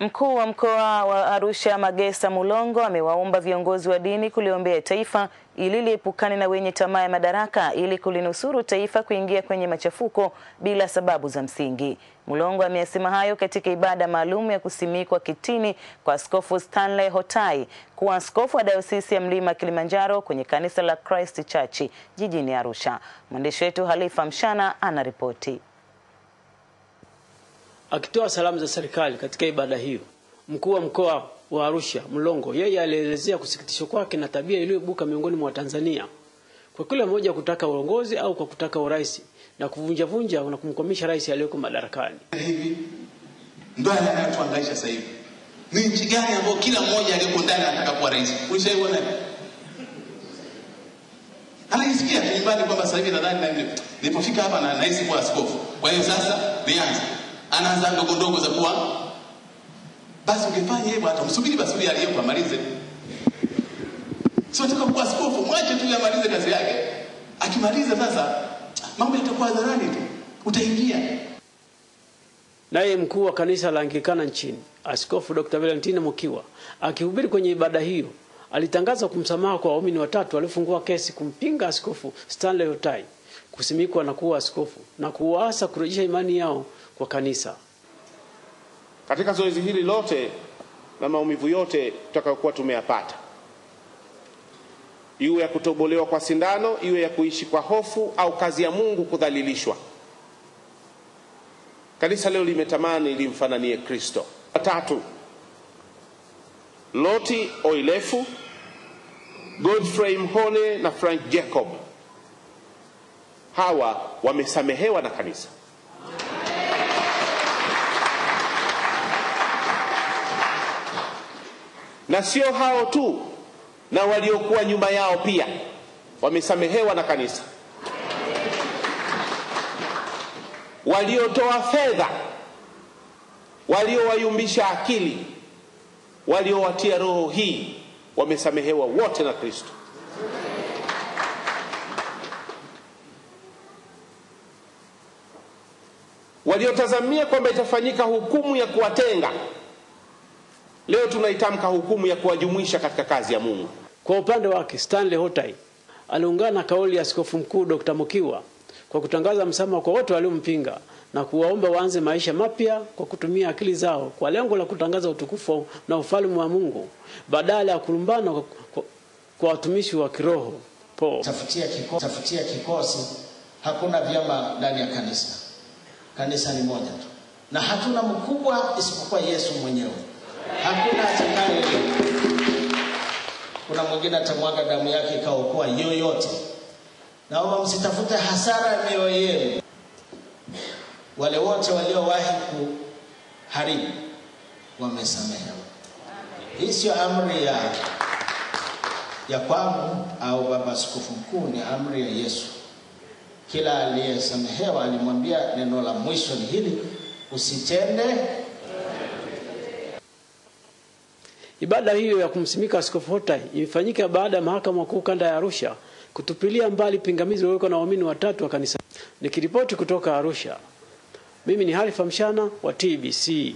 Mkuu wa mkoa wa Arusha Magesa Mulongo amewaomba viongozi wa dini kuliombea taifa ili liepukane na wenye tamaa ya madaraka ili kulinusuru taifa kuingia kwenye machafuko bila sababu za msingi. Mulongo ameyasema hayo katika ibada maalum ya kusimikwa kitini kwa Askofu Stanley Hotai kuwa askofu wa dayosisi ya Mlima Kilimanjaro kwenye kanisa la Christ Church jijini Arusha. Mwandishi wetu Halifa Mshana anaripoti. Akitoa salamu za serikali katika ibada hiyo, mkuu wa mkoa wa Arusha Mlongo yeye alielezea kusikitishwa kwake na tabia iliyoibuka miongoni mwa Tanzania kwa kila mmoja kutaka uongozi au kwa kutaka urais na kuvunja vunja na kumkwamisha rais aliyeko madarakani. Hivi ndio anayotuangaisha sasa hivi. Ni nchi gani ambayo kila mmoja aliyeko ndani anataka kuwa rais? Ulishaiona Anaisikia nyumbani kwamba sasa hivi nadhani nilipofika hapa na nahisi kuwa askofu. Kwa hiyo sasa nianze anaanza ndogo ndogo za kuwa basi, ungefanya hivyo hata msubiri basi yule aliyepo amalize. Sio tukakuwa askofu, mwache tu yamalize kazi yake. Akimaliza sasa mambo yatakuwa dharani tu, utaingia naye. Mkuu wa kanisa la Anglikana nchini Askofu Dr. Valentine Mukiwa akihubiri kwenye ibada hiyo alitangaza kumsamaha kwa waumini watatu waliofungua kesi kumpinga Askofu Stanley Otai kusimikwa na kuwa askofu na kuwaasa kurejesha imani yao kwa kanisa. Katika zoezi hili lote na maumivu yote tutakayokuwa tumeyapata, iwe ya kutobolewa kwa sindano, iwe ya kuishi kwa hofu au kazi ya Mungu kudhalilishwa, kanisa leo limetamani limfananie Kristo. Tatu, Loti Oilefu, Godfrey Mhone na Frank Jacob hawa wamesamehewa na kanisa. na sio hao tu, na waliokuwa nyuma yao pia wamesamehewa na kanisa. Waliotoa fedha, waliowayumbisha akili, waliowatia roho hii wamesamehewa wote na Kristo. Waliotazamia kwamba itafanyika hukumu ya kuwatenga Leo tunaitamka hukumu ya kuwajumuisha katika kazi ya Mungu. Kwa upande wake, Stanley Hotai aliungana kauli ya Askofu Mkuu Dr. Mukiwa kwa kutangaza msamaha kwa wote waliompinga na kuwaomba waanze maisha mapya kwa kutumia akili zao kwa lengo la kutangaza utukufu na ufalme wa Mungu badala ya kulumbana kwa watumishi wa kiroho. Tafutia kikosi, tafutia kikosi. Hakuna vyama ndani ya kanisa. Kanisa ni moja tu, na hatuna mkubwa isipokuwa Yesu mwenyewe hakuna atakaye. Kuna mwingine atamwaga damu yake ikaokoa yoyote. Naomba msitafute hasara mioyo yenu, wale wote waliowahi kuharibu wamesamehewa. Hii sio amri ya ya kwangu au baba askofu mkuu, ni amri ya Yesu. Kila aliyesamehewa alimwambia, neno la mwisho ni hili, usitende Ibada hiyo ya kumsimika Askofu Hota imefanyika baada ya Mahakama Kuu Kanda ya Arusha kutupilia mbali pingamizi lililowekwa na waumini watatu wa kanisa. Nikiripoti kutoka Arusha, mimi ni Halifa Mshana wa TBC.